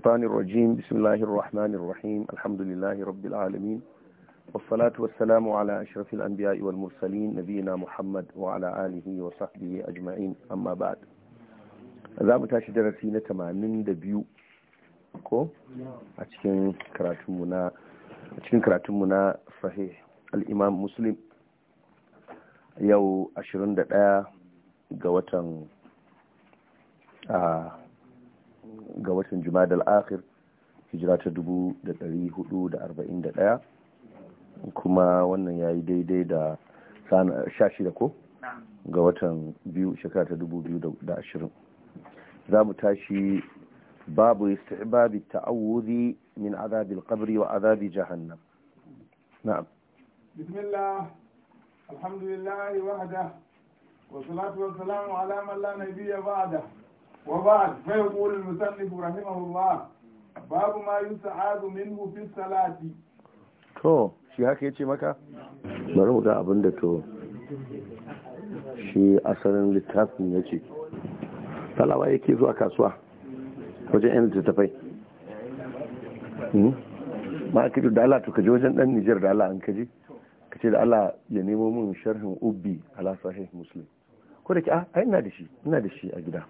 الشيطان الرجيم بسم الله الرحمن الرحيم الحمد لله رب العالمين والصلاة والسلام على أشرف الأنبياء والمرسلين نبينا محمد وعلى آله وصحبه أجمعين أما بعد za mu tashi darasi na tamanin da biyu ko a cikin karatunmu na sahih al'imam muslim yau 21 ga watan ga watan da al'akhir hijira ta 441 kuma wannan ya yi daidai da shida ko ga watan biyu shekara ta 2020 za mu tashi babu istibabi ta'awudi min azabi al-qabri wa azabi jahannam na'am bismillah alhamdulillah wahda wa والسلام ala man la nabiyya ba'da وبعد فيقول المسلف رحمه الله باب ما يسعاد منه في الصلاة to shi haka ya ce maka bari mu ga abin da to shi littafin ya ce talawa yake zuwa kasuwa wajen yan littattafai hmm? ma da Allah to kaje wajen dan Nijar da Allah an kaje da Allah ya nemo min sharhin ubbi ala sahih ko da ke a ah, ina da shi ina da shi a gida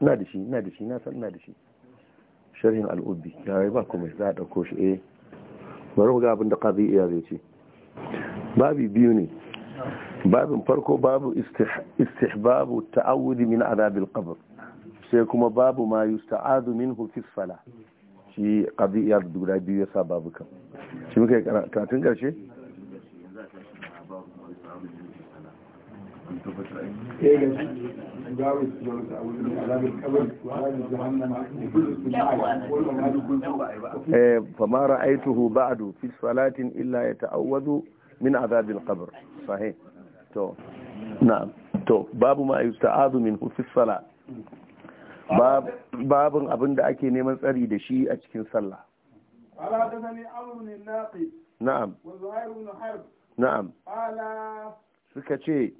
ina da shi ina da shi na san ina da shi sharhin al'ubbi ya yi ba kuma za a ɗauko shi eh bari mu ga abin da qadi iya zai ce babi biyu ne babin farko babu istihbabu ta'awudi min azabil qabr sai kuma babu ma yusta'adu minhu fi sala shi qadi iya dura biyu yasa babu kan shi muka karatun karshe فما رأيته بعد في صلاة إلا يتعوذ من عذاب القبر صحيح تو نعم تو باب ما يستعاذ منه في الصلاة باب باب abin da ake neman tsari da shi a cikin sallah قال حدثني عمرو بن الناقد نعم وزهير بن حرب نعم قال suka ce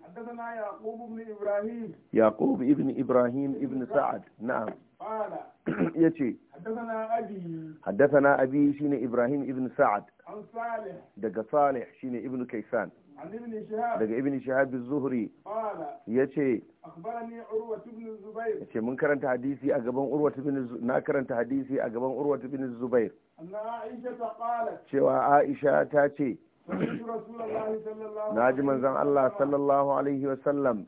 yaqub ibn ibrahim ibn sa'ad na'am ya ce haddathana abi shine ibrahim ibn sa'ad daga salih shine ibn kaisan daga ibn shihab zuhri yace akhbarani urwa ibn yace mun karanta hadisi a gaban urwa ibn na karanta hadisi a gaban urwa ibn zubair cewa aisha ta ce na ji manzan Allah sallallahu alaihi wasallam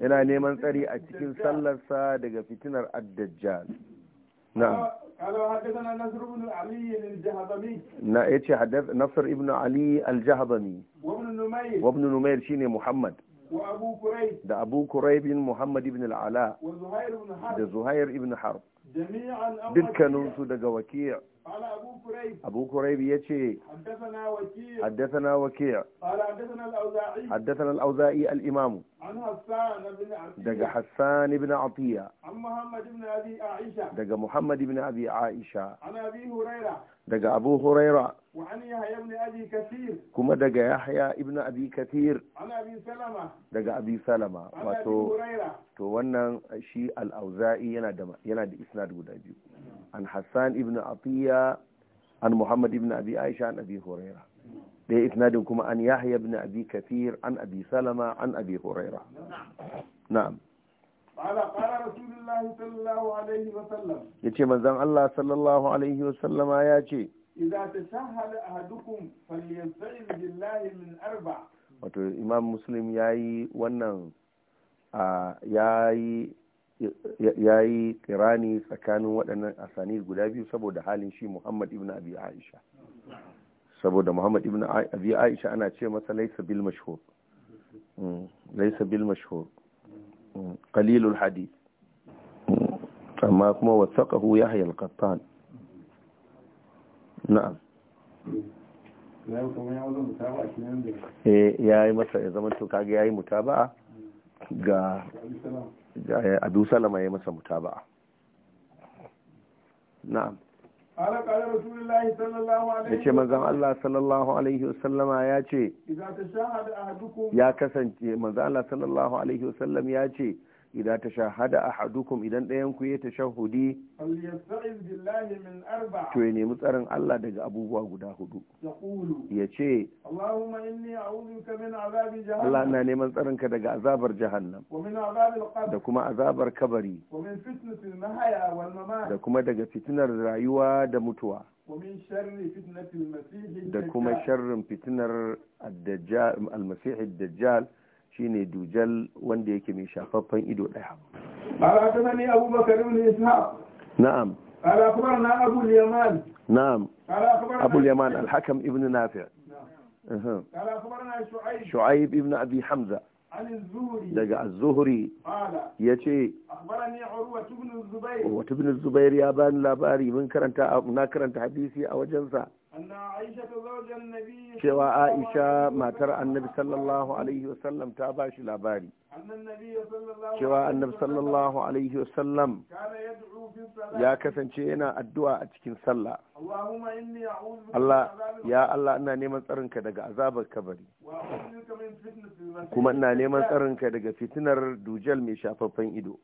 yana neman tsari a cikin sallarsa daga fitinar addajjal na na ya ce nasar ibn ali al-jahabami wabin numayar shine muhammad da abu kurai bin muhammad ibn al'ala da zuhair ibn harb dukkaninsu daga wakil أبو كريب يتي حدثنا وكيع حدثنا وكيع قال حدثنا الأوزاعي حدثنا الأوزاعي الإمام عن حسان بن عطية دقى حسان بن عطية عن محمد بن أبي عائشة دقى محمد بن أبي عائشة عن أبي هريرة دقى أبو هريرة وعن يحيى بن أبي كثير كما دقى يحيى ابن أبي كثير عن أبي سلمة دقى أبي سلمة عن أبي هريرة تو wannan shi al-auza'i yana da yana da isnad guda biyu an hassan ibn atiya an muhammad ibn abi aisha an abi huraira ɗaya isnadin kuma an yahya ibn abi kafir an abi salama an abi huraira na'am قال قال رسول الله صلى الله عليه وسلم يتي منزان الله wato imam muslim ya yi wannan ya yi ya yi kirani tsakanin waɗannan asani guda biyu saboda halin shi muhammad ibn abi aisha saboda muhammad ibn abi aisha ana ce masa laisa bil mashhur mm, laisa bil mashhur mm, qalilul hadith amma kuma wasaqahu yahya al-qattan na'am eh, ya yi masa ya zama to kage yayi mutaba'a ga abu salama ya masa ba na'am ya ce manzan Allah sallallahu Alaihi wasallama ya ce ya kasance manzan Allah sallallahu Alaihi wasallam ya ce idan ta shahada ahadukum idan ɗayan ku ya shahudi to ya nemi tsarin Allah daga abubuwa guda hudu ya ce Allah na neman tsarinka daga azabar jahannam da kuma azabar kabari da kuma daga fitinar rayuwa da mutuwa da kuma sharrin fitinar al dajjal shine dujal wanda yake mai shafaffen ido daya ala kuma Abu Bakar ibn ishaq na'am ala kuma na abu yaman na'am ala kuma abu yaman al-hakam ibn nafi' Na'am. ala kuma na shu'aib shu'aib ibn abi hamza daga az-zuhri yace akhbarani urwa ibn az-zubayr wa ibn az-zubayr ya bani labari mun karanta na karanta hadisi a wajensa cewa aisha matar annabi sallallahu alaihi wasallam ta ba shi labari cewa annabi sallallahu alaihi wasallam ya kasance yana addu'a a cikin sallah Allah ya Allah ina neman tsarinka daga azabar kabari kuma ina neman tsarinka daga fitinar dujal mai shafaffen ido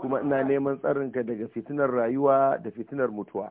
kuma ina neman tsarinka daga fitinar rayuwa da fitinar mutuwa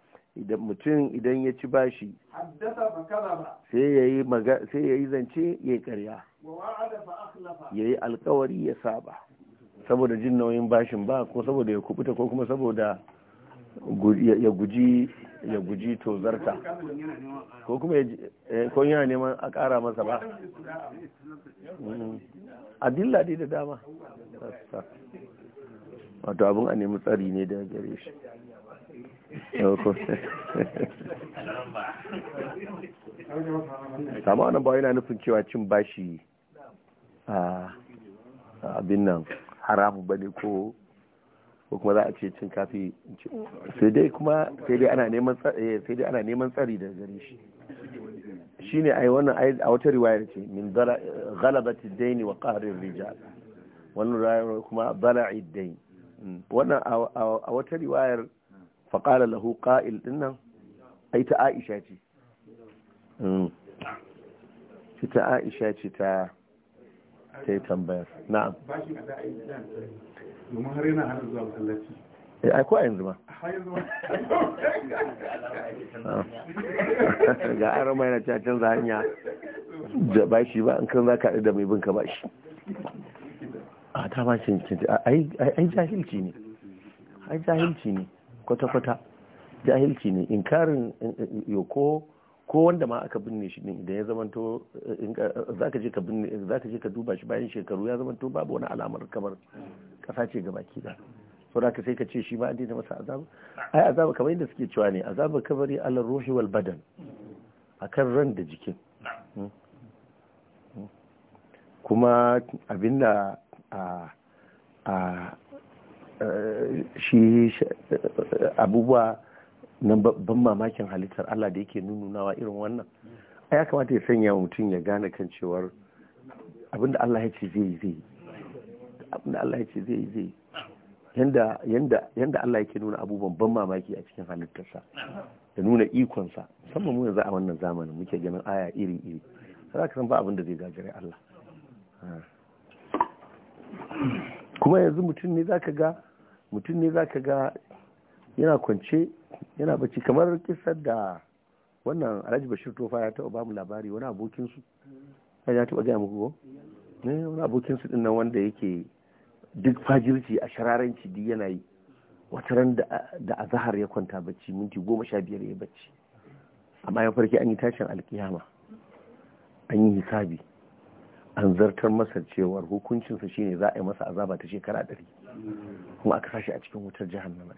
idan mutum idan ya ci bashi sai ya yi zance ya yi karya ya yi alkawari ya saba saboda jin nauyin bashin ba ko saboda ya kubuta ko kuma saboda ya guji ya guji tozarta ko kuma eh, ko yana neman a kara masa ba mm-hmm. adilla dai da dama wato abin a nemi tsari ne daga gare shi sama wannan ba yana nufin cewa cin bashi a abin nan haramu bane ko ko kuma za a ce cin kafi sai dai kuma sai dai ana neman eh, sai dai ana neman tsari da gare shi shine ai wannan ai a wata riwaya ce min ghalabati daini wa qahrir rijal wannan riwaya kuma dala'i dain hmm. wannan a wata riwayar faƙala lahu ƙa'il ɗinnan ai ta aisha ce shi ta aisha ce ta ta yi tambayar na'am domin har yana hana zuwa masallaci ai ko a yanzu ma ga aron mai na cacin za hanya da ba shi ba an kan za ka da mai binka ba shi a ta ba shi ai jahilci ne ai jahilci ne kwata-kwata jahilci ne inkarin eh, eh, eh, yoko ko wanda ma aka binne shi ne idan ya zamanto za ka je ka binne za ka je ka duba shi bayan shekaru ya zamanto babu wani alamar kamar kasa ce gaba ki da da ka sai ka ce shi ma an daina masa azabu ai azabu kamar yadda suke cewa ne azaba kabari alal ruhi wal badan akan ran da jikin hmm? Hmm? kuma abinda a a shi abubuwa na ban mamakin halittar Allah da yake nunawa irin wannan a ya kamata ya sanya mutum ya gane kan cewar abinda Allah ya ce zai yi zai abinda Allah ya ce zai yi zai yanda yanda yanda Allah yake nuna abubuwan ban mamaki a cikin halittarsa da nuna ikonsa musamman mu yanzu a wannan zamanin muke ganin aya iri iri za ka san ba abin da zai gagare Allah ah. kuma yanzu mutum ne zaka ga mutum ne za ka ga yana kwance yana bacci kamar kisar da wannan alhaji bashir tofa ya taɓa bamu labari wani abokinsu ya taɓa gaya muku ko ne eh, wani abokinsu ɗin nan wanda yake duk fajirci a shararanci duk yana yi wata ran da a zahar ya kwanta bacci minti goma sha biyar ya bacci amma ya farki an yi tashin alkiyama an yi hisabi an zartar masa cewar hukuncinsa shine za a yi masa azaba ta shekara ɗari kuma aka sashi a cikin wutar jahannama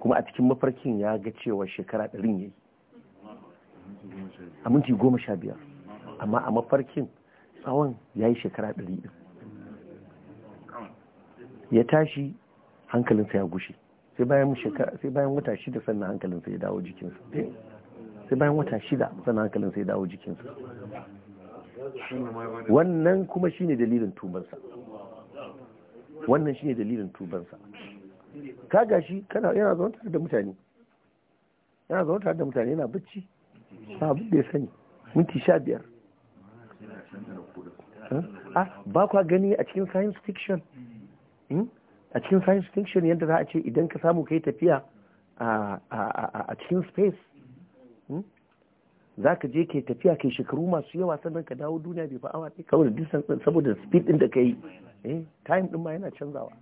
kuma a cikin mafarkin ya ga cewa shekara ɗarin ya yi a minti goma sha biyar amma a mafarkin tsawon ya yi shekara ɗari ɗin ya tashi hankalinsa ya gushe sai bayan wata shida sannan hankalinsa ya dawo jikinsa sai bayan wata shida sannan hankalinsa ya dawo jikinsa wannan kuma shine dalilin tubansa wannan shine dalilin tubansa ka gashi kana yana zaune tare da mutane yana zaune tare da mutane yana bacci ba abin da ya sani minti sha biyar ah, ba kwa gani a cikin science fiction hmm? a cikin science fiction yadda za a ce idan ka samu kai tafiya a cikin space za ka je ke tafiya kai shekaru masu yawa sannan ka dawo duniya bai fa awa saboda distance din saboda speed din da ka yi eh time din ma yana canzawa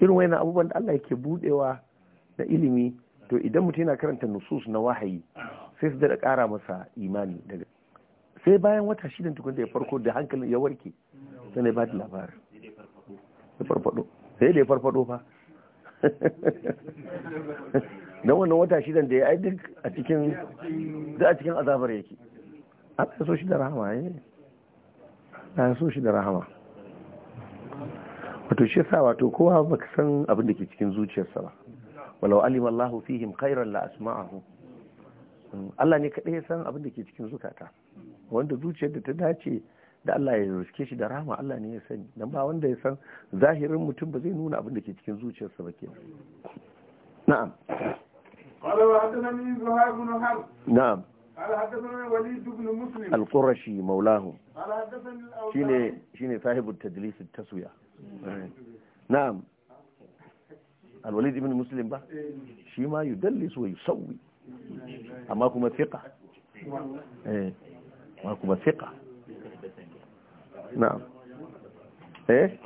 irin wayannan abubuwan da Allah yake budewa da ilimi to idan mutum yana karanta nusus na wahayi sai su da ƙara masa imani daga sai bayan wata shida tukun da ya farko da hankalin ya warke sai ne ba da ya farfado sai da ya farfado fa don wannan wata shidan da ya yi duk a cikin duk a cikin azabar yake Allah ya so shi da rahama ne eh. Allah ya so shi da rahama wato shi sa wato kowa baka san abin da ke cikin zuciyarsa ba walau alim Allahu fihim khairan la asma'ahu Allah ne kaɗai ya san abin da ke cikin zukata wanda zuciyar da ta dace da Allah ya ruske shi da rahama Allah ne ya sani dan ba wanda ya san zahirin mutum ba zai nuna abin da ke cikin zuciyarsa ba kenan na'am قال وحدثني زهير بن حرب نعم قال حدثنا الوليد بن مسلم القرشي مولاه قال حدثني شيني شيني صاحب التدليس التسوية نعم الوليد بن مسلم با شيما يدلس ويسوي أما كما ثقة أما كما ثقة نعم ايه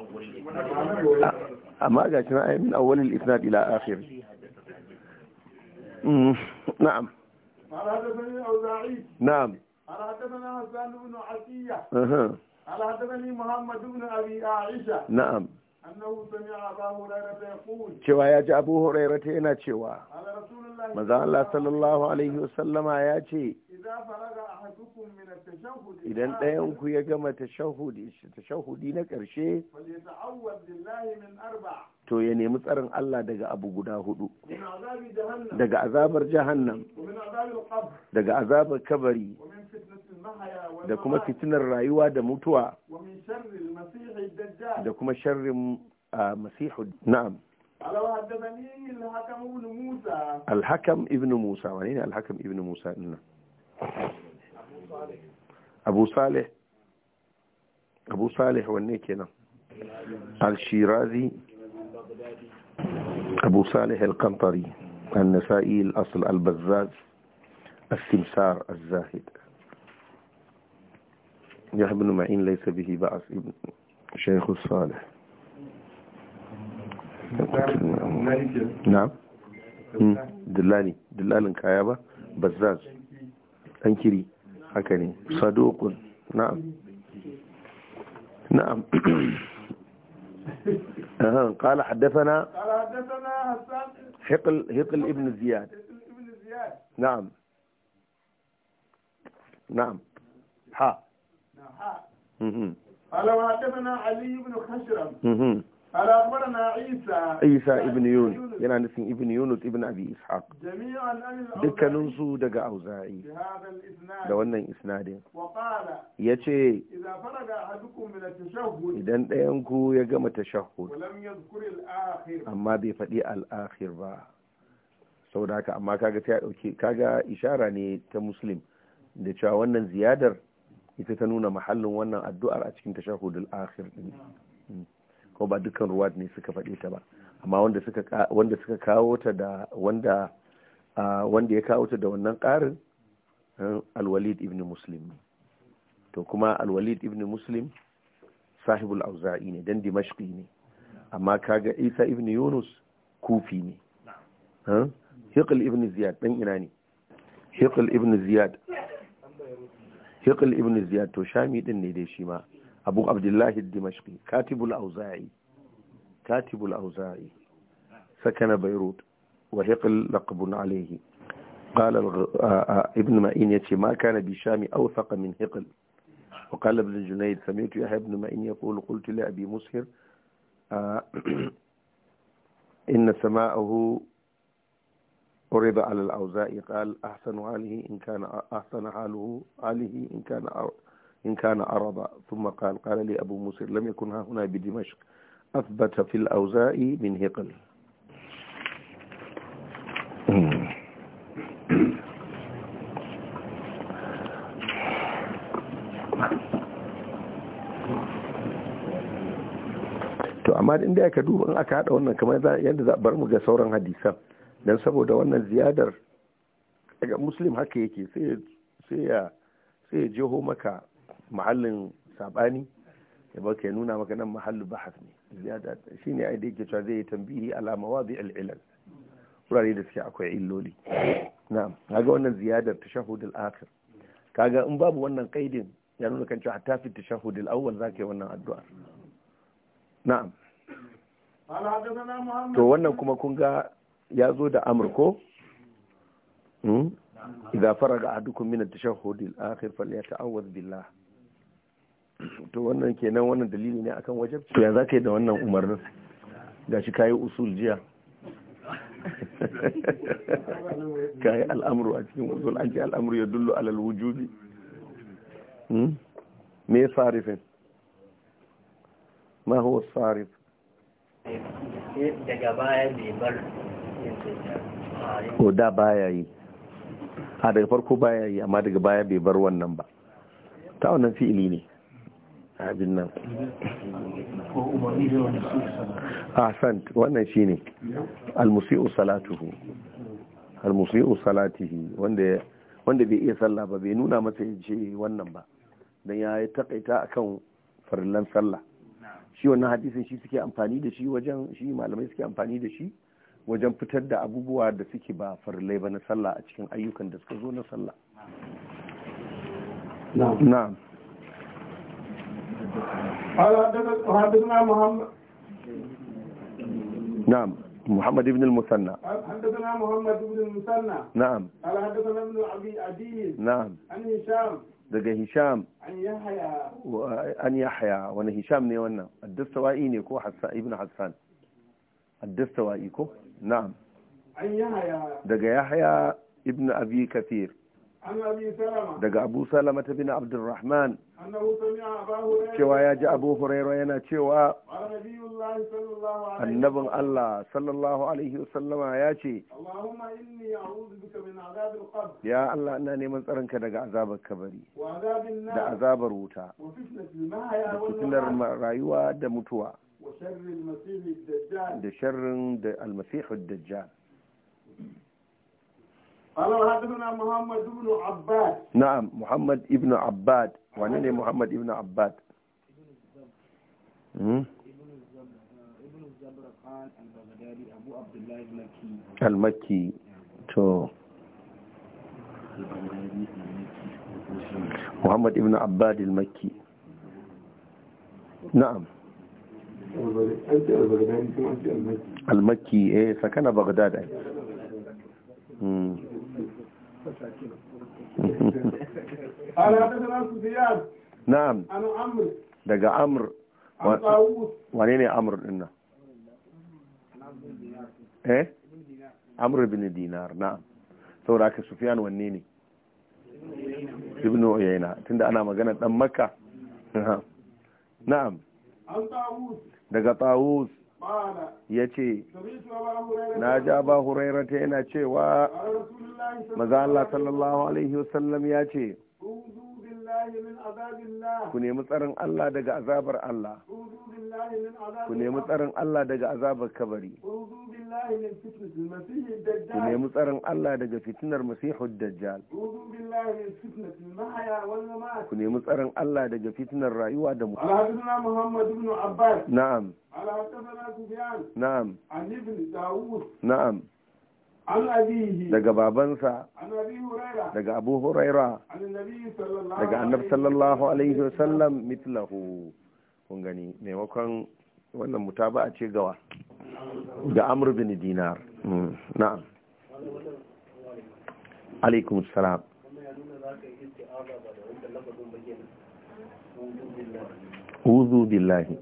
اما جاتنا من اول الاسناد الى اخره نعم mm, قال حدثني الأوزاعي نعم قال حدثنا حسان بن عطية قال حدثني محمد بن أبي نعم Abu cewa ya ji Abu Hurairah ta yana cewa Maza Allah sallallahu alaihi wasallama ya ce idan ɗayan ku ya gama tashahudi tashahudi na ƙarshe to ya nemi tsarin Allah daga abu guda hudu daga azabar jahannam daga azabar kabari da kuma fitinar rayuwa da mutuwa da kuma sharrin masihu na'am alhakam ibn musa wane ne alhakam ibn musa dinnan abu salih abu salih wanne kenan al-shirazi أبو صالح القنطري النسائي الأصل البزاز السمسار الزاهد يحيى بن معين ليس به بأس ابن شيخ الصالح نعم دلالي دلالin kaya بزاز أنكري هكني صدوق نعم نعم قال حدثنا هقل هقل ابن زياد نعم نعم ها نعم ها قال وحدثنا علي بن خشرم isa ibn yunus yana nufin ibn yunus ibn abi ishaq dukkaninsu daga إسحاق جميعا da wannan isnadin ya ce idan ɗayanku ya gama tashahud amma bai faɗi al'akhir ba saboda haka amma kaga ta ɗauke kaga ishara ne ta muslim da cewa wannan ziyadar ita ta nuna mahallin wannan addu'ar a cikin tashahud al'akhir ɗin ko ba dukkan ruwa ne suka faɗe ta ba amma wanda suka kawo ta da wanda wanda ya kawo ta da wannan ƙarin eh, alwalid ibn muslim to kuma alwalid ibn muslim sahibul auza'i ne dan dimashqi ne amma kaga isa ibn yunus kufi ne eh? hiql ibn ziyad dan ina ne hiql ibn ziyad hiql ibn ziyad to shami din ne dai shi ma أبو عبد الله الدمشقي كاتب الأوزاعي كاتب الأوزاعي سكن بيروت وهقل لقب عليه قال الغ... ابن معين يتي ما كان بشام أوثق من هقل وقال ابن جنيد سمعت يا ابن معين يقول قلت لأبي مسهر إن سماءه عرض على الأوزاعي قال أحسن حاله إن كان أحسن حاله عليه إن كان إن كان عرضا ثم قال قال لي أبو موسى لم يكن ها هنا بدمشق أثبت في الأوزاء من هقل to amma da aka duba in aka hada wannan kamar yadda za bar mu ga sauran hadisan dan saboda wannan ziyadar daga muslim haka yake sai ya sai ya jeho maka mahallin sabani ya ba ka nuna maka nan mahallu bahas ne ziyada ne ai da yake cewa zai tambihi alama wa al ilal wurare da suke akwai illoli na'am kaga wannan ziyadar tashahhud al akhir kaga in babu wannan kaidin ya nuna kan cewa hatta fi tashahhud al awwal zaka yi wannan addu'a na'am to wannan kuma kun ga ya zo da amurko إذا hmm? faraga ahadukum min التشهد الآخر فليتعوذ بالله to wannan kenan wannan dalili ne akan wajab to ya zaka yi da wannan umarnin gashi kayi usul jiya kayi al'amru a cikin usul an ji al'amru ya dullu alal wujubi hmm? me sarifin ma huwa sarif daga baya bai bar ko da baya yi a daga farko baya yi amma daga baya bai bar wannan ba ta wannan fi'ili ne abin nan ahsan wannan shine almusi'u salatuhu almusi'u salatihi wanda wanda bai iya sallah ba bai nuna masa ya ce wannan ba dan ya yi takaita akan farillan sallah shi wannan hadisin shi suke amfani da shi wajen shi malamai suke amfani da shi wajen fitar da abubuwa da suke ba farillai ba na sallah a cikin ayyukan da suka zo na sallah na'am نعم محمد بن المثنى حدثنا محمد بن المثنى نعم قال حدثنا ابن ابي عديل نعم عن هشام دغه هشام عن يحيى وان يحيى وان هشام ني وانا الدستوائي ني كو حسان ابن حسان الدستوائي كو نعم عن يحيى دغه يحيى ابن ابي كثير عن ابي سلمة دغه ابو سلمة بن عبد الرحمن cewa ya ji abu hurairu yana cewa annabin Allah sallallahu alaihi wasallama ya ce ya Allah ina neman tsaronka daga azabar kabari da azabar wuta da fitinar rayuwa da mutuwa da sharrin da almasihu dajjal قال حدثنا محمد بن عباد نعم محمد ابن عباد وانا محمد ابن عباد ابن الزبرقان البغدادي ابو عبد الله المكي المكي تو محمد ابن عباد المكي نعم المكي ايه سكن بغداد امم na'am daga amr wane ne amr din nan eh amr bin dinar na'am saboda ka sufyan wanne ne ibn uyayna tunda ana magana dan makka na'am daga tawus ya ce na ja ba ta yana cewa maza Allah sallallahu alaihi wasallam ya ce ku nemi tsarin Allah daga azabar Allah ku nemi tsarin Allah daga azabar kabari ku nemi tsarin Allah daga fitinar masihud dajjal ku nemi tsarin Allah daga fitinar rayuwa da abbas na'am na'am na'am daga babansa daga abu huraira daga annab sallallahu alaihi wasallam mitlahu kun gani maimakon wannan mutaba a ce gawa ga amur bin dinar mm, na'am alaikum salam uzu billahi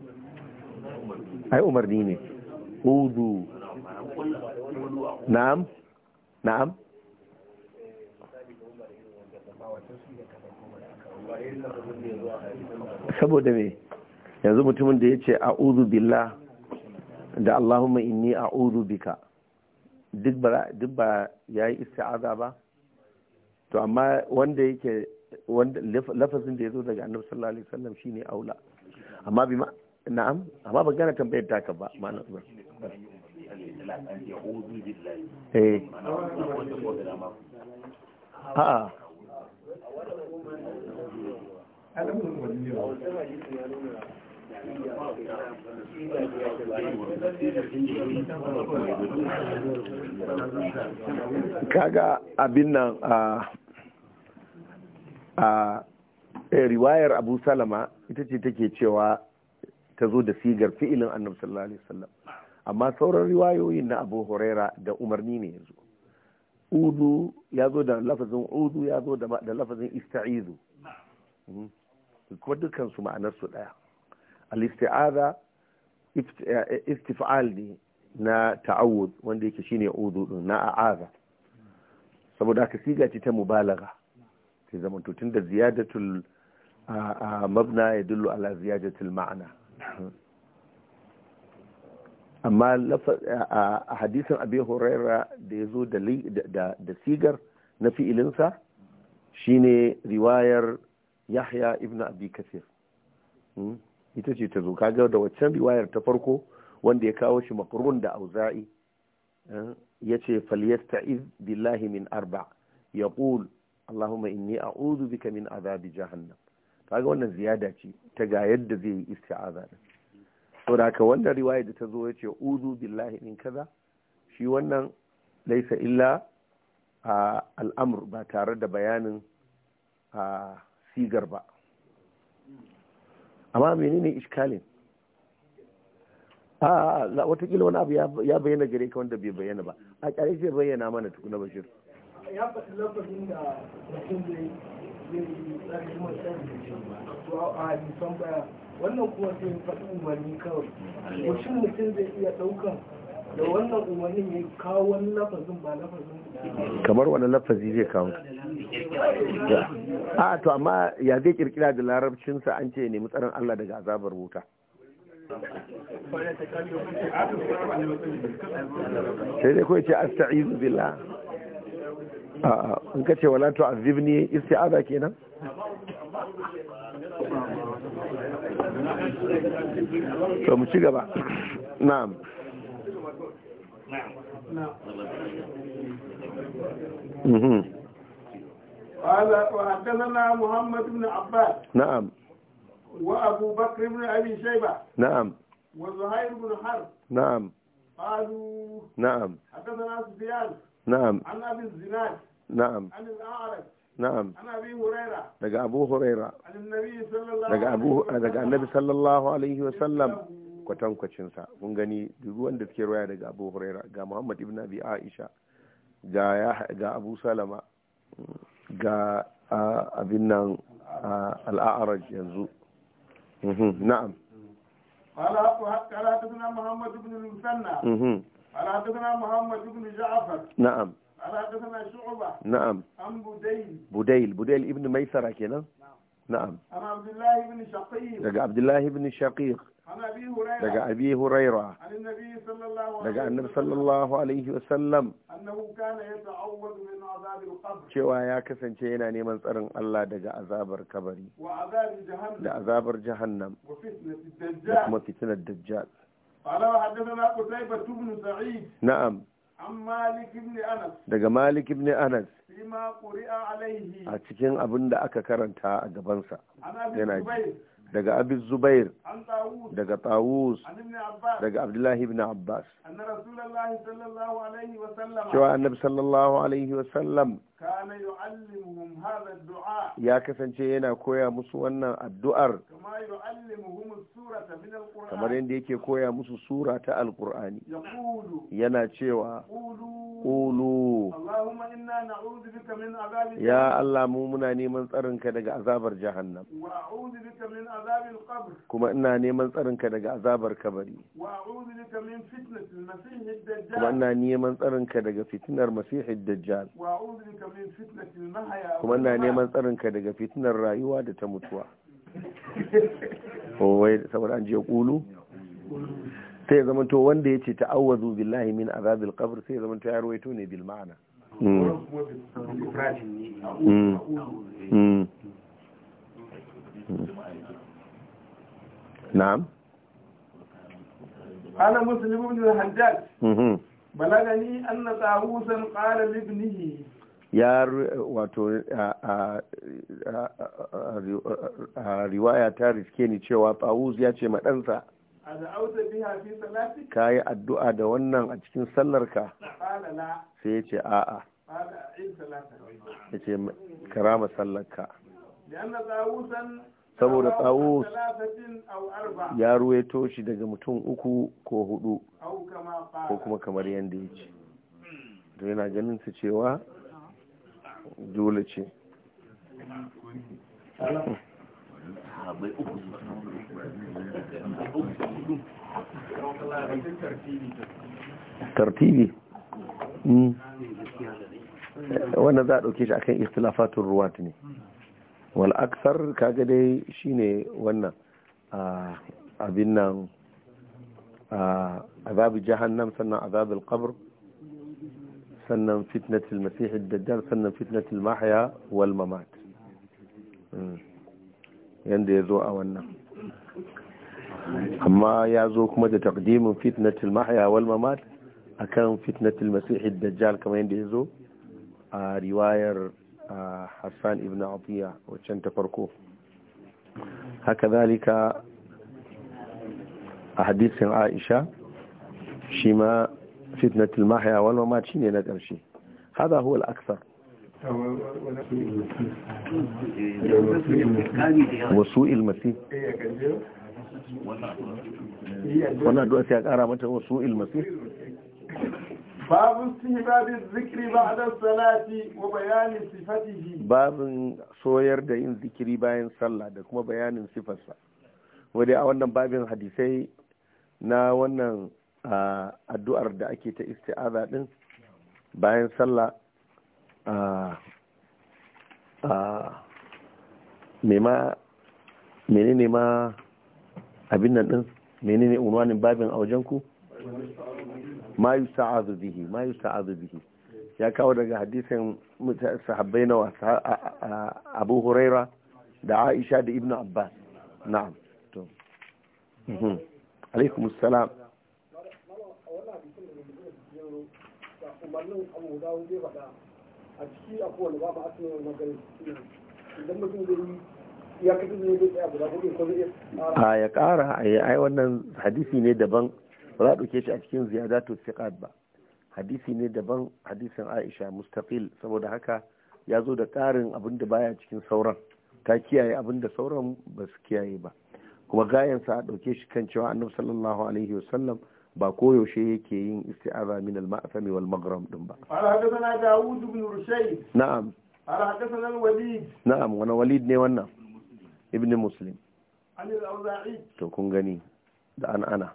ai umar ni ne uzu na'am na'am saboda me yanzu mutumin da ya ce a billah da Allahumma inni a bika duk ba ya yi yayi isti'aza ba to amma wanda yake lafazin da ya zo daga Annabi sallallahu alaihi wasallam shine aula amma bi na'am amma ban gane tambayar taka ba ma'ana ba eh kaga abin nan a a eh, riwayar abu salama ita ce take cewa ta zo da sigar fi'ilin annabi sallallahu alaihi wasallam amma sauran riwayoyin na abu huraira da umarni ne yanzu udu ya zo da lafazin udu ya zo da lafazin ista'izu hmm. kuma dukansu ma'anarsu ɗaya. al istiadha istif'al ne na ta'awud wanda yake shine udu din na a'adha saboda haka siga ce ta mubalagha sai zaman to tunda ziyadatul mabna yadullu ala ziyadatul ma'na amma a hadisin abi hurairah da yazo zo da sigar na fi'ilinsa shine riwayar yahya ibn abi kasir ita ce ta zo kaga da waccan riwayar ta farko wanda ya kawo shi makarun da auza'i eh, ya ce falyasta'iz billahi min arba ya ƙul allahumma inni a'udhu bika min azabi jahannam kaga wannan ziyada ce ta ga yadda zai yi isti'aza din da haka wannan riwaya da ta zo ya ce uzu billahi min kaza shi wannan laisa illa a ah, al'amur ba tare da bayanin a ah, sigar ba amma menene iskalin a watakila wani abu ya bayyana gare ka wanda bai bayyana ba a kyare zai bayyana mana na bashir ya faɗi lafazin da mutum zai wannan kuma sai umarni kawai mutum zai iya da wannan ya kawo wani lafazin ba lafazin kamar wani lafazi zai kawo a to amma ya zai kirkira da larabcinsa an ce nemi tsaron Allah daga azabar wuta sai dai kawai ce asta'izu billah in ka ce wala a isti'aza kenan to mu ci gaba na'am na'am mhm. قال وحدثنا محمد بن عباس نعم وابو بكر بن ابي شيبه نعم وزهير بن حرب نعم قالوا نعم حدثنا سفيان نعم عن ابي الزناد نعم عن الاعرج نعم عن ابي هريره دقى ابو هريره عن النبي صلى الله عليه أبو دقى النبي صلى الله عليه وسلم kwatankwacinsa mun gani duk wanda suke roya daga abu huraira ga muhammad ibn abi aisha ga abu salama ga abin nan al'a'araj yanzu na'am قال قال حدثنا محمد بن المثنى قال حدثنا محمد بن جعفر نعم قال حدثنا نعم عن بديل بديل بديل ابن كده نعم نعم عن عبد الله بن شقيق عبد الله بن شقيق daga abi huraira daga annabi sallallahu alaihi wasallam cewa ya kasance yana neman tsarin Allah daga azabar kabari da azabar jahannam da kuma fitinar dajjal na'am daga malik ibn anas a cikin abin da aka karanta a gabansa yana ji daga abin zubair daga tawus daga abdullahi ibn abbas cewa annabi sallallahu alaihi wasallam ya kasance yana koya musu wannan addu'ar kamar yadda yake koya musu sura ta alkur'ani yana cewa ƙulu ya Allah mu muna neman tsarinka daga azabar jahannam kuma ina neman tsarinka daga azabar kabari kuma ina neman tsarinka daga fitinar masihid dajjal kuma na neman tsarinka daga fitinar rayuwa da ta mutuwa oh, wai saboda an je kulu sai ya zamanto wanda ya ce ta'awwazu billahi min azabil qabr sai ya zamanto ya ruwaito ne bil ma'ana hmm. Hmm. Hmm. na'am ana muslim ibn al-hajjaj balagani anna tahusan qala li ibnihi ya wato a riwaya ta riske ni cewa fawuz ya ce maɗansa ka yi addu'a da wannan a cikin sallarka sai ya ce a'a ya ce karama sallarka saboda tsawus ya ruwe shi daga mutum uku ko hudu ko kuma kamar yadda ya ce yana ganin su cewa dole ce tartibi hmm. wannan za a ɗauke shi akan istilafatun ruwa ne wal aksar kaga dai ne wannan abin nan azabi jahannam sannan azabil alkabar sannan fitnatul masihid dajjal sannan fitnatul mahya wal mamat hmm. yanda ya zo a wannan amma ya zo kuma da takdimin fitnatul mahya wal mamat akan fitnatul masihid dajjal kamar yanda ya zo a riwayar Hassan ibn Atiya waccan ta farko haka zalika a hadisin Aisha shi ma fitnatul mahya wal mamat shine na ƙarshe hada huwa al-aksar sai mata babin salati wa sifatihi soyar da yin zikiri bayan sallah da kuma bayanin sifarsa wadai a wannan babin hadisai na wannan addu'ar da ake ta isti'aza din bayan sallah mema menene ma abin nan din menene unwanin babin a wajen ku ma yusta'azu bihi ma yusta'azu bihi ya kawo daga hadisin sahabbai wasa Abu Huraira da Aisha da Ibn Abbas na'am to mhm. umarnin abu guda zai faɗa a ciki a kowane ba babu asirin magani idan mutum zai yi ya kasu zai zai tsaya guda hudu ko zai a ya ƙara a yi ai wannan hadisi ne daban ba za a ɗauke shi a cikin ziyada ziyadatu siqat ba hadisi ne daban hadisin aisha mustaqil saboda haka ya zo da ƙarin abin da baya cikin sauran ta kiyaye abin da sauran ba su kiyaye ba kuma gayansa a ɗauke shi kan cewa annabi sallallahu alaihi wasallam ba koyaushe yake yin isti'aza min al-ma'sami wal maghram din ba ala hadathana daud ibn rushayd na'am ala hadathana al-walid na'am wani walid ne wannan ibn muslim Ali al awzai to kun gani da an ana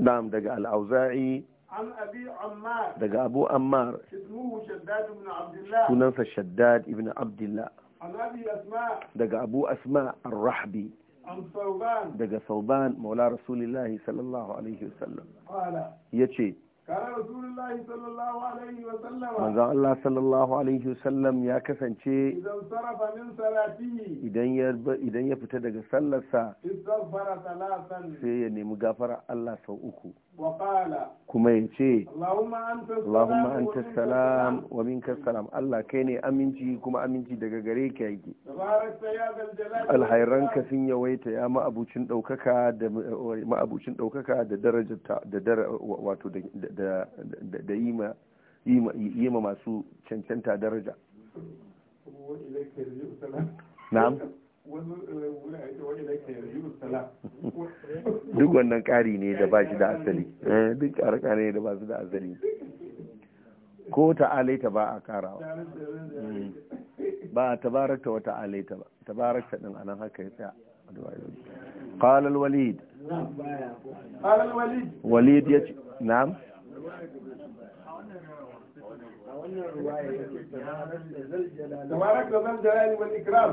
na'am daga al awzai an abi ammar daga abu ammar ismuhu shaddad ibn abdullah sunansa shaddad ibn abdullah an abi asma daga abu asma ar-rahbi daga sauban maula rasulillahi sallallahu alaihi wasallam ya ce manzan Allah sallallahu alaihi wasallam ya kasance idan ya fita daga sallarsa sai ya nemi gafara Allah sau uku kuma ya ce Allahumma anta salam wa minka salam Allah kai ne aminci kuma aminci daga gare ka yake alhairanka sun yawaita ya ma'abucin daukaka da ma'abucin daukaka da daraja wato da yi ma masu cancanta daraja na'am Eh, duk wannan ƙari ne da ba shi da asali eh, duk ƙarƙa ne da ba su da asali ko ta'alaita ba a ƙarawa ba a tabarakta wa ta'alaita ba tabarata ɗin anan haka ya tsaya قال الوليد قال الوليد وليد يج... نعم تبارك ذا الجلال والإكرام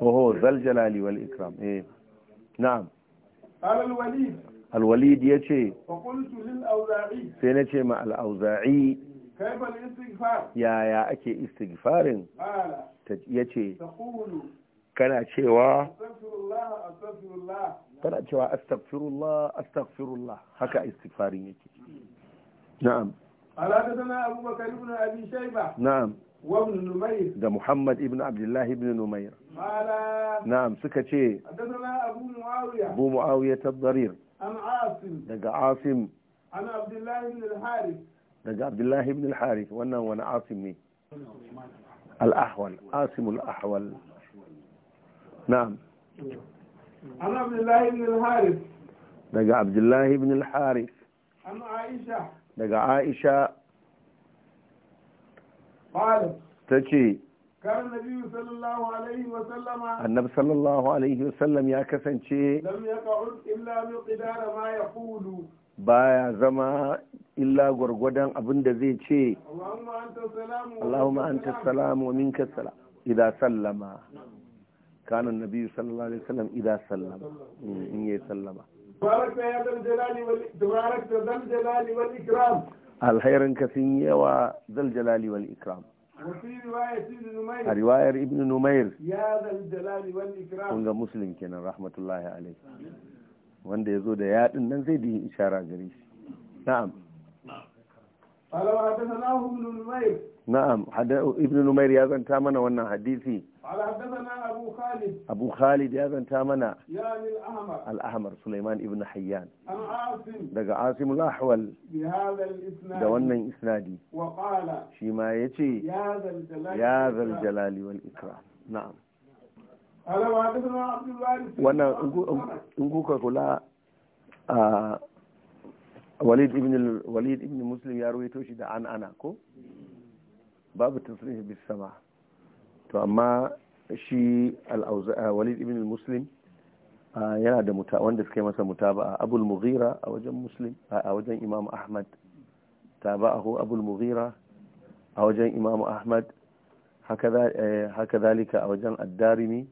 وهو ذا الجلال والإكرام إيه نعم قال الوليد الوليد يتي وقلت للأوزاعي سينتي مع الأوزاعي كيف الاستغفار يا يا أكي استغفار قال يتي تقول كان شيوا أستغفر الله أستغفر الله كان شيوا أستغفر الله أستغفر الله هكا استغفار يتي نعم قال حدثنا أبو بكر بن أبي شيبة نعم da Muhammad ibn Abdullahi ibn Numair. Na'am suka ce, Abu Mu'awiyya ta Barir. Daga Asim. Daga Abdullahi ibn al-Harith wannan wani Asim ne. Al-Ahwal, Asim al-Ahwal. Na'am. An Abdullahi ibn al-Harith. Daga Abdullahi ibn al-Harith. Daga Aisha. ta ce annabi sallallahu alaihi wa wasallam ya kasance baya zama illa gwargwadon abin da zai ce Allahumma anta salamu wa minka salam idza sallama kana annabi sallallahu alaihi wasallam idza sallama in yayi sallama barakta ya dal jalali wal dal jalali wal ikram alhairin kasin yawa zal jalali wal ikram a riwayar ibn numair kunga muslim kenan rahmatullahi alaihi wanda ya zo da yadin nan zai bi ishara gare shi na'am na'am ibn numair ya zanta mana wannan hadisi abu khalid ya zanta mana al suleiman ibn hayyan daga asim al-ahwal da wannan isnadi shi ma ya ce ya zal jalali wal wannan in kula walid ibn ibn muslim ya ruwaito shi da an ana ko babu tasrih bis sama to amma shi al eh, walid ibn muslim eh, yana da muta wanda suka yi masa a abul mughira a wajen muslim a wajen imam ahmad tabahu abul mughira a wajen imam ahmad haka eh, zalika a wajen addarimi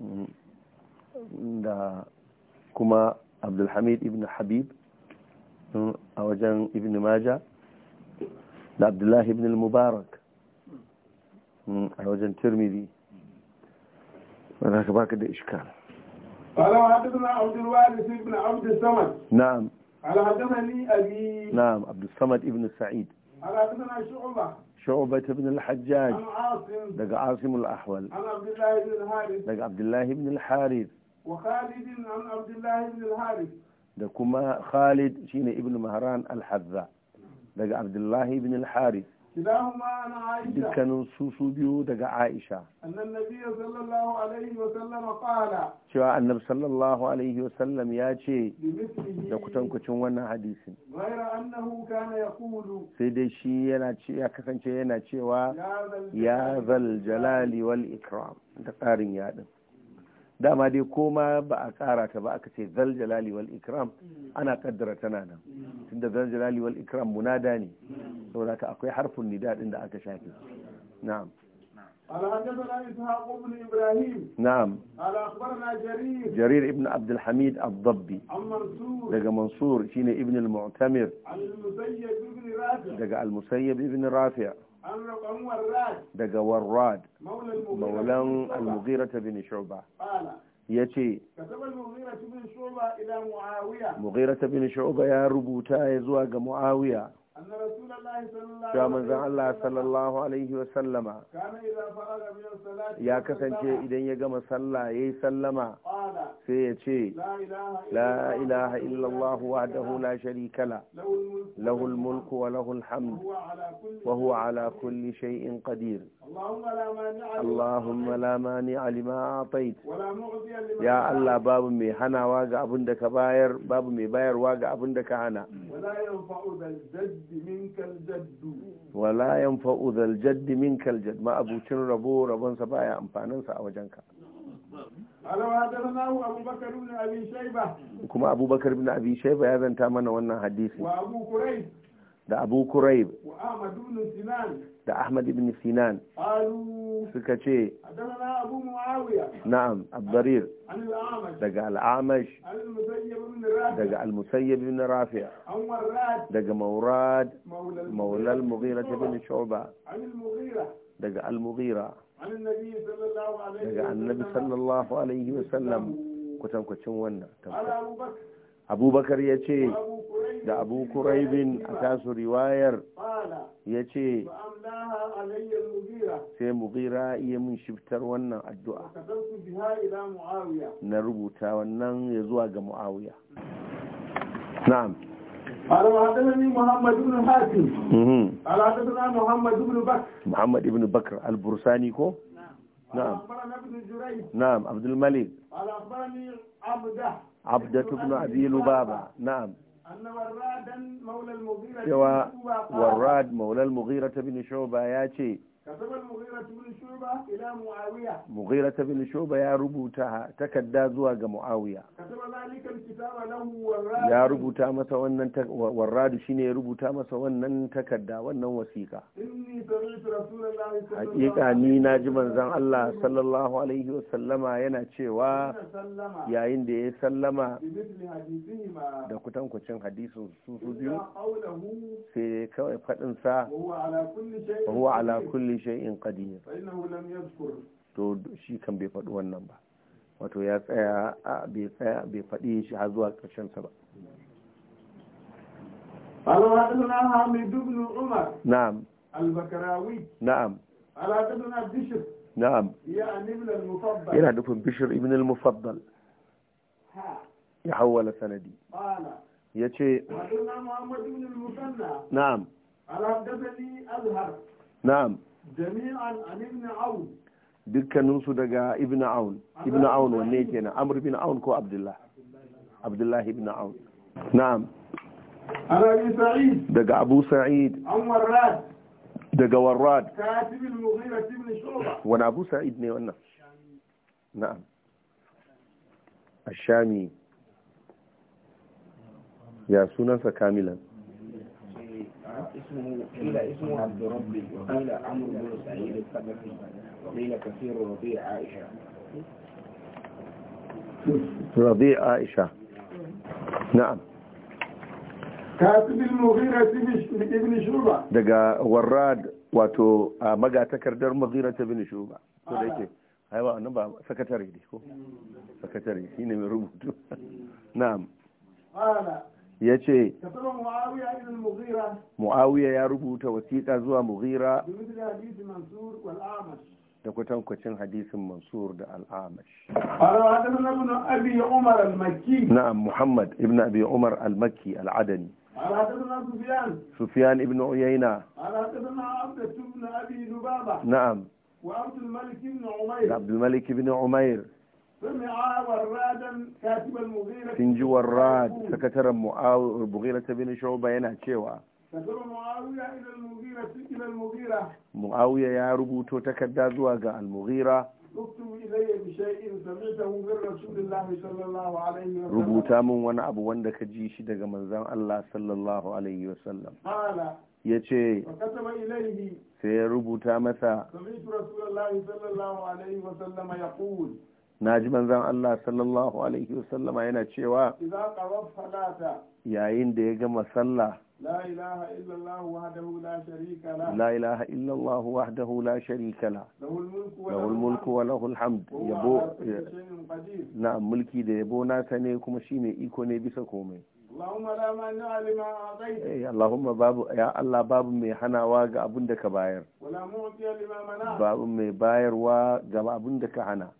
mm, da kuma abdulhamid ibn habib a wajen ibn maja da abdullahi ibn mubarak mm, a wajen tirmidhi wadda ka baka da iskar alawar haddana abdullahi ibn abdullahi na'am alhaddana ni abi na'am abdullahi ibn sa'id alhaddana shu'uba شعبة بن الحجاج daga عاصم الأحول عن عبد الله بن daga عبد الله بن الحارث وخالد عن عبد الله بن الحارث da kuma Khalid shine ibn Mahran al-Hazza daga Abdullah ibn al-Harith dukkanin su biyu daga Aisha cewa annabi sallallahu alaihi wasallam ya ce da kutankucin wannan hadisin sai dai shi ya kasance yana cewa ya zal jalali wal ikram da tsarin yadin dama dai koma ba a ƙara ta ba aka ce zal jalali wal ikram ana kaddara tana nan tunda zal jalali wal ikram munada ne saboda akwai harfin nida din da aka shafe na'am Na'am. حدثنا اسحاق بن ابراهيم نعم قال اخبرنا جرير جرير ابن عبد الحميد الضبي عن منصور daga warrad maulan al-mughira bin shu'ba yace mughira bin shu'ba ya rubuta ya zuwa ga muawiya cewa zan Allah sallallahu alaihi wa sallama ya kasance idan ya gama sallah yayi sallama sai ya ce la ilaha illallah wahdahu la sharika la lahul mulku wa lahul hamd wa huwa ala kulli shay'in qadir Allahumma la mani'a lima atait ya Allah babu mai hanawa ga abin da ka bayar babu mai bayarwa ga abin da ka hana wala yanfa'u dhal jadd minkal jadd ma abucin rabo rabonsa baya amfaninsa a wajenka kuma abubakar bin abi shaiba ya zanta mana wannan hadisi da abu kuraib da ahmad ibn sinan suka ce na'am abdarir daga al'amash daga al-musayyab ibn rafi' daga maurad maulal mughira ibn shu'ba daga al-mughira daga annabi sallallahu alaihi wasallam kwatankwacin wannan abubakar ya ce da abu kuraibin a tasu riwayar ya ce sai mugira iya mun shiftar wannan addu'a na rubuta wannan ya zuwa ga mu'awiya na'am قال وحدثني محمد بن حاتم قال حدثنا محمد بن بكر محمد بن بكر البرساني كو نعم أخبرنا ابن جريج نعم عبد الملك قال أخبرني عبده عبدة بن أبي لبابة نعم أن ورادا مولى المغيرة بن شعبة وراد مولى المغيرة بن شعبة ياتي Mughira ta bin ya rubuta takarda zuwa ga Muawiya. Ya rubuta masa wannan warradu ya rubuta masa wannan takarda wannan wasiƙa. haƙiƙa ni na ji manzan Allah sallallahu Alaihi wasallama yana cewa yayin da ya sallama da kutankucin hadisin su su biyu sai kawai faɗinsa ruwa ala kulli kulli shay'in qadir فإنه لم يذكر to shi kan bai faɗi wannan ba wato ya tsaya bai tsaya bai faɗi shi har zuwa ƙarshen sa ba قال حدثنا حميد بن عمر نعم البكراوي نعم قال حدثنا بشر نعم يعني ابن المفضل يعني ابن بشر ابن المفضل يحول سندي قال يتي حدثنا محمد بن المثنى نعم قال حدثني أزهر نعم jami'an an ibn aun dukkaninsu daga ibn aun ibn aun wanne na amur ibn aun ko abdullah abdullah ibn aun na'am daga abu sa'id daga warrad wani abu sa'id ne wannan na'am ashami ya sunansa kamilan اسمه قيل اسمه عبد ربي وقيل عمرو بن سعيد الثقفي كثير نعم كاتب المغيرة شعبة دقا وراد wato a magatakardar mazirata bin shuba ko da yake haiwa wannan sakatare ne ko sakatare shine mai rubutu na'am ya ce mu'awiya ya rubuta wasiƙa zuwa mughira da kwatankwacin hadisin mansur da al'amash na'am muhammad ibn abi umar al-makki al-adani سفيان بن عيينة نعم وعبد الملك بن عمير sun ji warrad sakataren mughira ta bin shuba yana cewa muawiya ya rubuto takarda zuwa ga al-mughira rubuta min wani abu wanda ka ji shi daga manzan Allah sallallahu alaihi wasallam ya ce sai ya rubuta masa na ji manzan Allah sallallahu alaihi wasallama yana cewa yayin da ya gama sallah la ilaha illallah wahdahu la sharika la la ilaha illallah wahdahu lahul mulku wa lahul hamd yabo na mulki da yabo nasa ne kuma shine iko ne bisa komai Hey, eh, Allahumma babu ya Allah babu mai hanawa ga abun da ka bayar. Babu mai bayarwa ga abun da ka hana.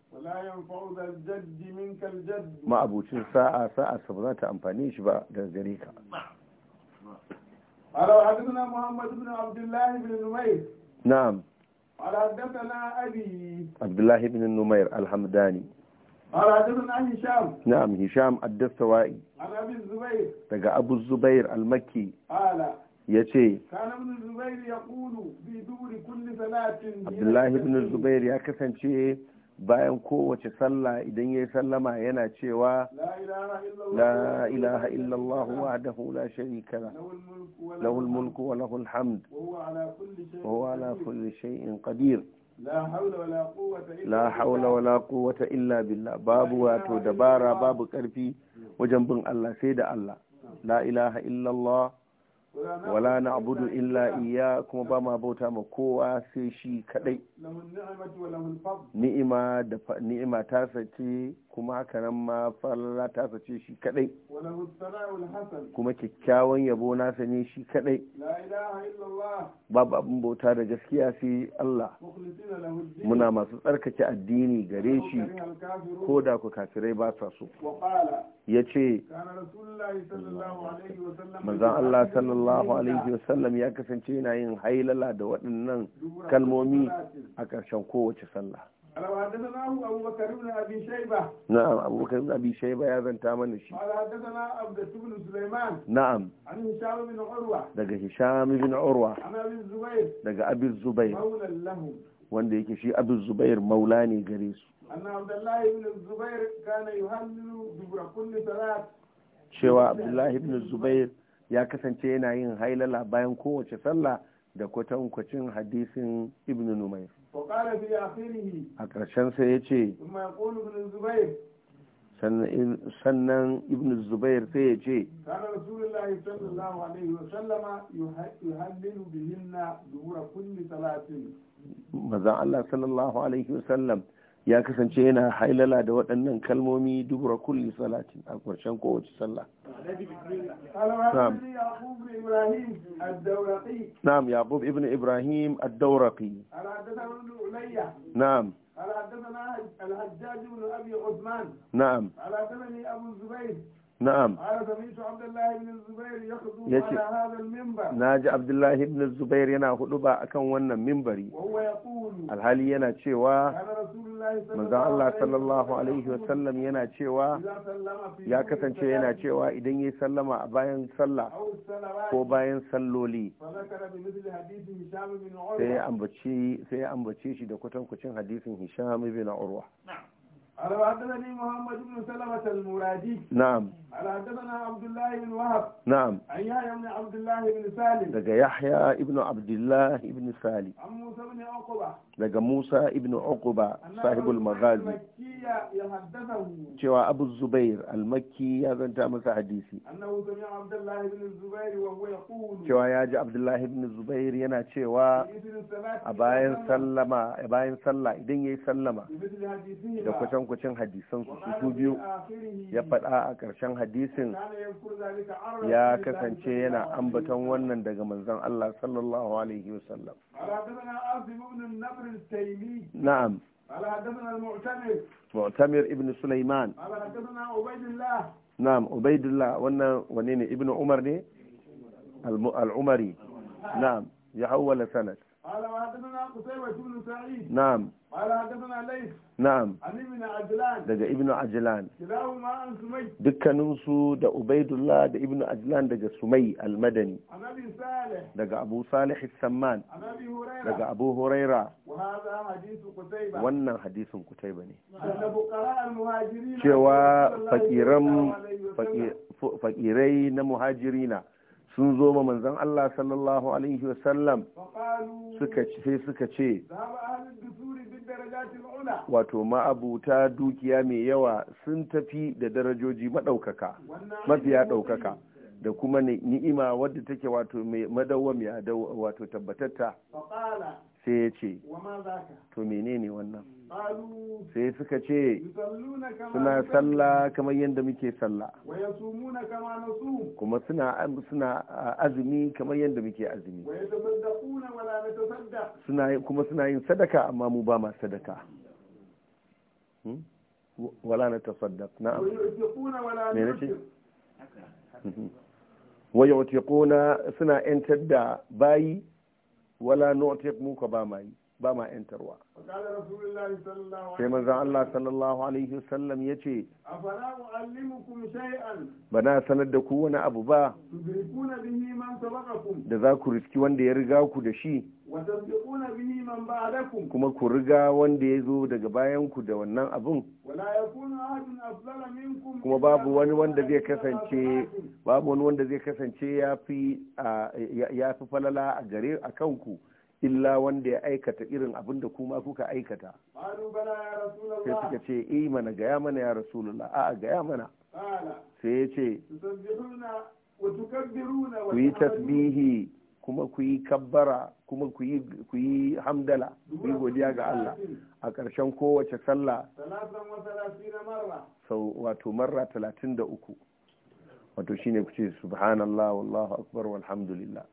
Ma'abucin sa'a sa'a sa za ta amfani shi ba da gare ka. Ala hadithuna Muhammad ibn Abdullah ibn Numair. Na'am. Ala hadithuna Abi. Abdullah ibn Numair Alhamdani. قال حدثنا عن هشام نعم هشام الدستوائي عن ابي الزبير daga abu zubair al-makki قال yace kana ibn zubair yaqulu bi dubri kulli salatin abdullahi ibn zubair ya kasance bayan kowace sallah idan ya yi sallama yana cewa la ilaha illallah wahdahu la sharika la lahul mulku wa lahul hamd wa huwa ala kulli shay'in qadir la haula wala quwwata illa billah babu wato dabara babu karfi wajen bin Allah sai da Allah la ilaha illallah wala na'budu illa iya kuma ba ma bauta ma kowa sai shi kaɗai ni'ima ni'ima ta sace kuma haka nan ma falala ta sace shi kadai kuma kyakkyawan yabo na sane shi kadai babu abin bauta da gaskiya sai Allah muna masu tsarkake addini gare shi ko da ku kafirai ba sa so ya ce manzan Allah sallallahu alaihi wasallam ya kasance yana yin hailala da waɗannan kalmomi a ƙarshen kowace sallah قال حدثنا أبو بكر بن أبي شيبة نعم ابو بكر بن ابي شيبه يا بنت عمل الشيء نعم عن هشام بن دقى هشام بن wanda yake shi abu zubair maula ne gare su cewa abdullahi ibn zubair ya kasance yana yin hailala bayan kowace sallah da kwatankwacin hadisin ibn numair a ƙarshen sai ya ce sannan ibn zubair sai ya ce kana rasulullahi sallallahu alaihi wa sallama yuhallilu bihinna kulli salatin Allah sallallahu alaihi wa sallam ya kasance yana hailala da waɗannan kalmomi dubra kulli salatin a ƙarshen kowace sallah na'am yaqub ibn ibrahim ad-dawraqi na'am نعم na'am na ji abdullahi ibn zubair yana huɗu ba a kan wannan mimbari alhali yana cewa manzan Allah sallallahu alaihi wasallam yana cewa ya kasance yana cewa idan ya sallama a bayan sallah ko bayan salloli sai ya ambace shi da kwatankwacin hadisin hisham ibn urwa قال حدثني محمد بن سلمة المرادي نعم قال حدثنا عبد الله بن وهب نعم عن يحيى بن عبد الله بن سالم لقى يحيى بن عبد الله بن سالم عن موسى بن عقبة لقى موسى بن عقبة صاحب المغازي المكي يحدثه شوى أبو الزبير المكي يزن تامس حديثي أنه سمع عبد الله بن الزبير وهو يقول شوى ياجي عبد الله بن الزبير ينا شوى أباين سلمة أباين سلمة إذن يسلمة مثل حديثه kwatankwacin hadisan su su biyu ya faɗa a ƙarshen hadisin ya kasance yana ambaton wannan daga manzon Allah sallallahu alaihi wasallam na'am mu'tamir ibn sulaiman na'am ubaidullah wannan wane ne ibn umar ne al-umari na'am ya hawwala sanad قال حدثنا قتيبة بن سعيد نعم قال حدثنا ليث نعم عن ابن عجلان دجا ابن عجلان كلاهما عن سمي دكانوسو دا عبيد الله دا ابن عجلان دجا سمي المدني عن ابي صالح دجا ابو صالح السمان عن ابي هريرة دجا ابو هريرة وهذا حديث قتيبة وانا حديث قتيبة ني فقراء المهاجرين شوا فقيرم فقيري na muhajirina sun zo ma manzon Allah sallallahu alaihi wasallam suka sai suka ce wato ma'abuta dukiya mai yawa sun tafi da darajoji maɗaukaka mafiya ɗaukaka da kuma ni'ima wadda take wato mai madawwamiya wato tabbatatta sai ya ce to menene wannan sai suka ce suna sallah kamar yadda muke sallah kuma suna suna azumi kamar yadda muke azumi suna kuma suna yin sadaka amma mu ba ma sadaka hmm? wala na tasaddaq na'am me nace wa yutiquna suna yantar da bayi wala nu'tiq mu ka ba mai ba ma yantarwa sai manzan Allah sallallahu alaihi wasallam ya ce ba na sanar da ku wani abu ba da za ku riski wanda ya riga ku da shi kuma ku riga wanda ya zo daga bayanku da wannan abun kuma babu wani wanda zai kasance babu wani wanda zai kasance ya fi falala a gare a kanku illa wanda ya aikata irin abin da kuma kuka aikata sai suka ce eh mana gaya mana ya rasulullah a'a gaya mana sai ya ce ku yi tasbihi kuma ku yi kabbara kuma ku yi hamdala ku yi godiya ga Allah a ƙarshen kowace sallah sau wato marra talatin da uku wato shine ku ce subhanallah wallahu akbar walhamdulillah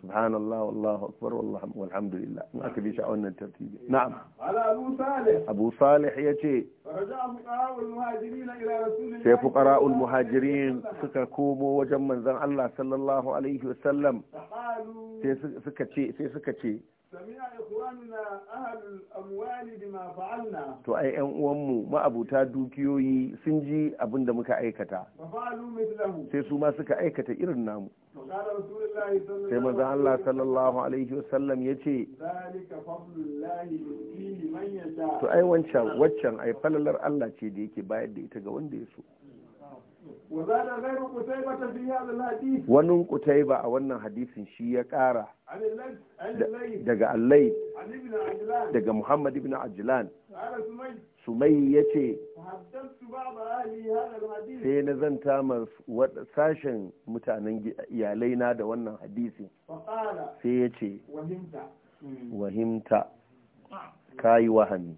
subhanallah wallahu akbar walhamdulillah in aka bi shi a wannan tartibi na'am abu salih ya ce sai fuqara'ul muhajirin suka komo wajen manzon Allah sallallahu alaihi wasallam sai suka ce sai suka ce To ai ‘yan uwanmu ma'abuta dukiyoyi sun ji abin da muka aikata, sai su ma suka aikata irin namu. Sai maza Allah sallallahu Alaihi wasallam ya ce, To ai wancan waccan ai falalar Allah ce da yake bayar da ita ga wanda ya so. wani kutaiba a wannan hadisin shi ya kara daga allai daga muhammad ibn ajilan sumai ya ce sai na zanta ma sashen mutanen iyalai na da wannan hadisin sai ya ce wahimta kayi wahami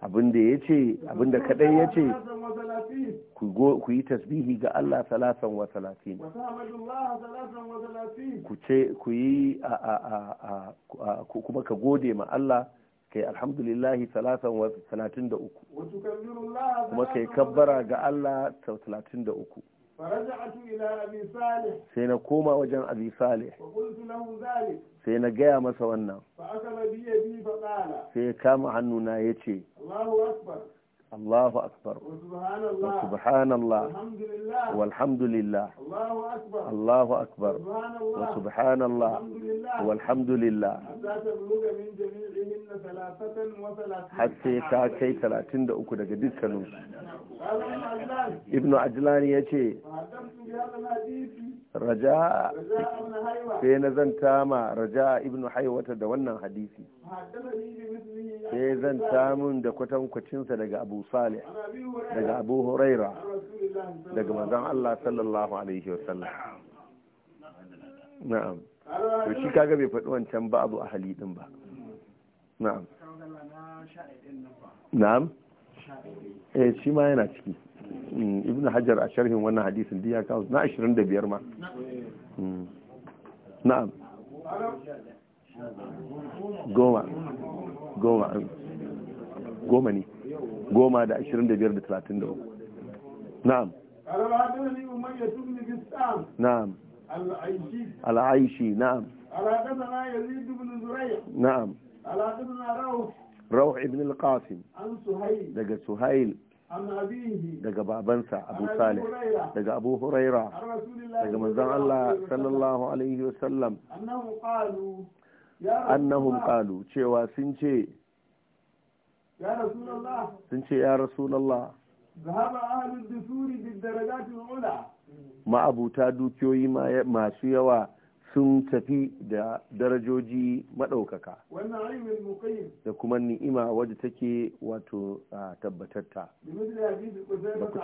abin da ya ce abin da kaɗai ya ce ku yi tasbihi ga Allah salasan wa salafin ku ce ku yi kuma ka gode ma Allah kai alhamdulillahi salasan wa salatin da uku kuma kai kabbara ga Allah salatin da uku sai na koma wajen abi salih sai na gaya masa wannan sai ya kama hannuna ya ce Allahu akbar wa subhanallah walhamdulillah Allahu akbar wa subhanallah walhamdulillah har sai ka kai uku daga dukkanin Ibn Ajlan ya ce raja'a sai na zanta ma raja'a ibn haiwata da wannan hadisi sai zanta min da kwatankwacinsa daga abu salih daga abu huraira daga mazan Allah sallallahu alaihi wasallam na'am to shi kaga bai faɗi wancan ba abu a halidin ba na'am na'am eh shi ma yana ciki Mm, ibn hajar a sharhin wannan hadisin diya kawo na 25 ma mm. na'am goma goma goma ne goma da 25 da 33 na'am na'am al'aishi na'am na'am روح ابن القاسم عن سهيل دقى سهيل daga babansa abu salih daga abu huraira daga manzon Allah sallallahu alaihi wasallam annahum qalu cewa sun ce sun ce ya rasulallah ma'abuta dukiyoyi masu yawa sun tafi da darajoji maɗaukaka da kuma ni'ima wadda take wato a tabbatatta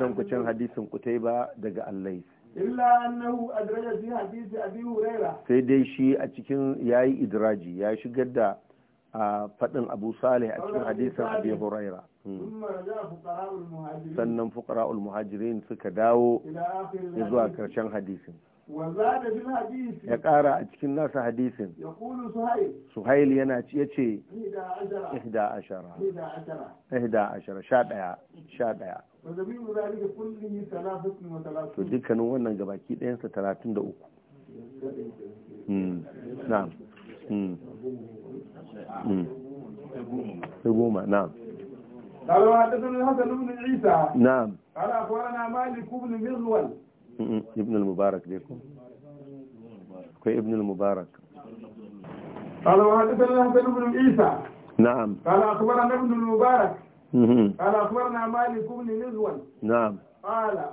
da kucin hadisin kutai ba daga allais sai dai shi a cikin yayi idraji ya shigar da a faɗin abu salih a cikin hadisin abu huraira hmm. sannan fuqara'ul muhajirin suka dawo zuwa karshen hadisin ya ƙara a cikin nasa hadisin suhail yana ya ce ihda ashara ihda ashara sha ɗaya sha ɗaya to dukkanin wannan gabaki ɗayansa talatin da uku hmm, hmm. Hmm. goma na'am قالوا حدثنا الحسن بن عيسى نعم قال اخبرنا مالك بن مغول ibn al-mubarak dai ko akwai ibn mubarak qala wa hadathana ibn al-isa na'am qala akhbarana ibn mubarak qala akhbarana malik ibn nizwan na'am qala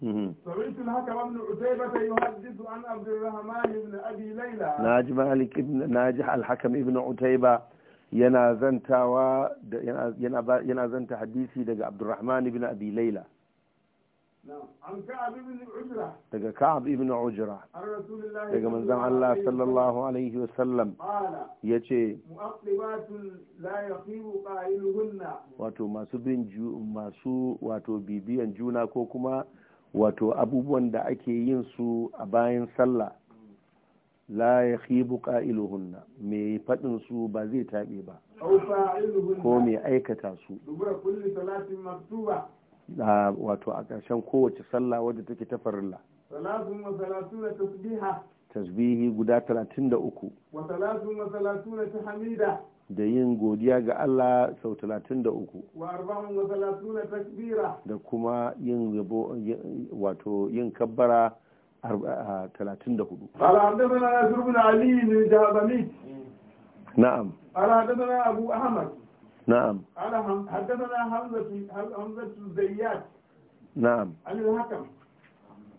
سمعت الحكم بن عتيبة يحدث عن عبد الرحمن بن أبي ليلى ناجح مالك ابن ناجح الحكم ابن عتيبة ينازنت و ينازنت حديثي عبد الرحمن بن أبي ليلى daga ka'ab ibn ujra daga manzon Allah sallallahu alaihi wasallam ya ce wato masu bin masu wato bibiyan juna ko kuma wato abubuwan da ake yin su a bayan sallah la ya khibu qa'iluhunna mai fadin su ba zai tabe ba ko me aikata su wato a ƙarshen kowace sallah wadda take ta farilla Salatu wa na tasbiha tasbihi guda 33 wa salatu wa na tahmida da yin godiya ga Allah sau 33 wa arba'un wa na takbira da kuma yin yabo wato yin kabbara 34 ala hadathana nasr na ali bin jabami na'am ala hadathana abu ahmad نعم قال حدثنا حمزة الزيات نعم عن الحكم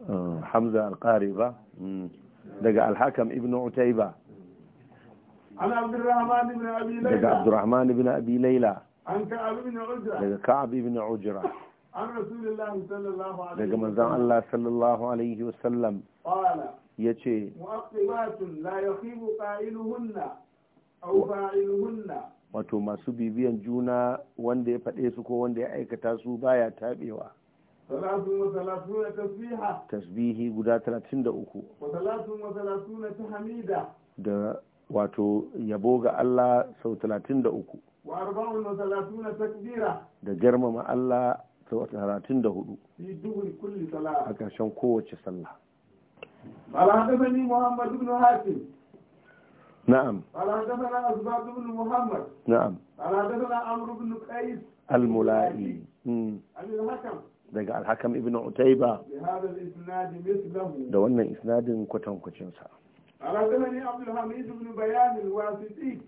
آه، حمزة القاربة دقى الحكم ابن عتيبة عن عبد الرحمن بن أبي ليلى دقى عبد الرحمن بن أبي ليلى عن كعب بن عجرة دقى كعب بن عجرة عن رسول الله صلى الله عليه وسلم دقى مزان الله صلى الله عليه وسلم قال يتشي مؤقبات لا يخيب قائلهن أو فاعلهن wato masu bibiyan juna wanda ya faɗe su ko wanda ya aikata su baya taɓewa tasbihi guda 33 da wato yabo ga Allah sau 33 da girmama Allah sau 34 a ƙarshen kowace sallah. Alhamdulillah Muhammadu bin نعم قال حدثنا أزباد بن محمد نعم قال حدثنا عمرو بن قيس الملائي عن الحكم daga alhakam da wannan isnadin kwatankwacin sa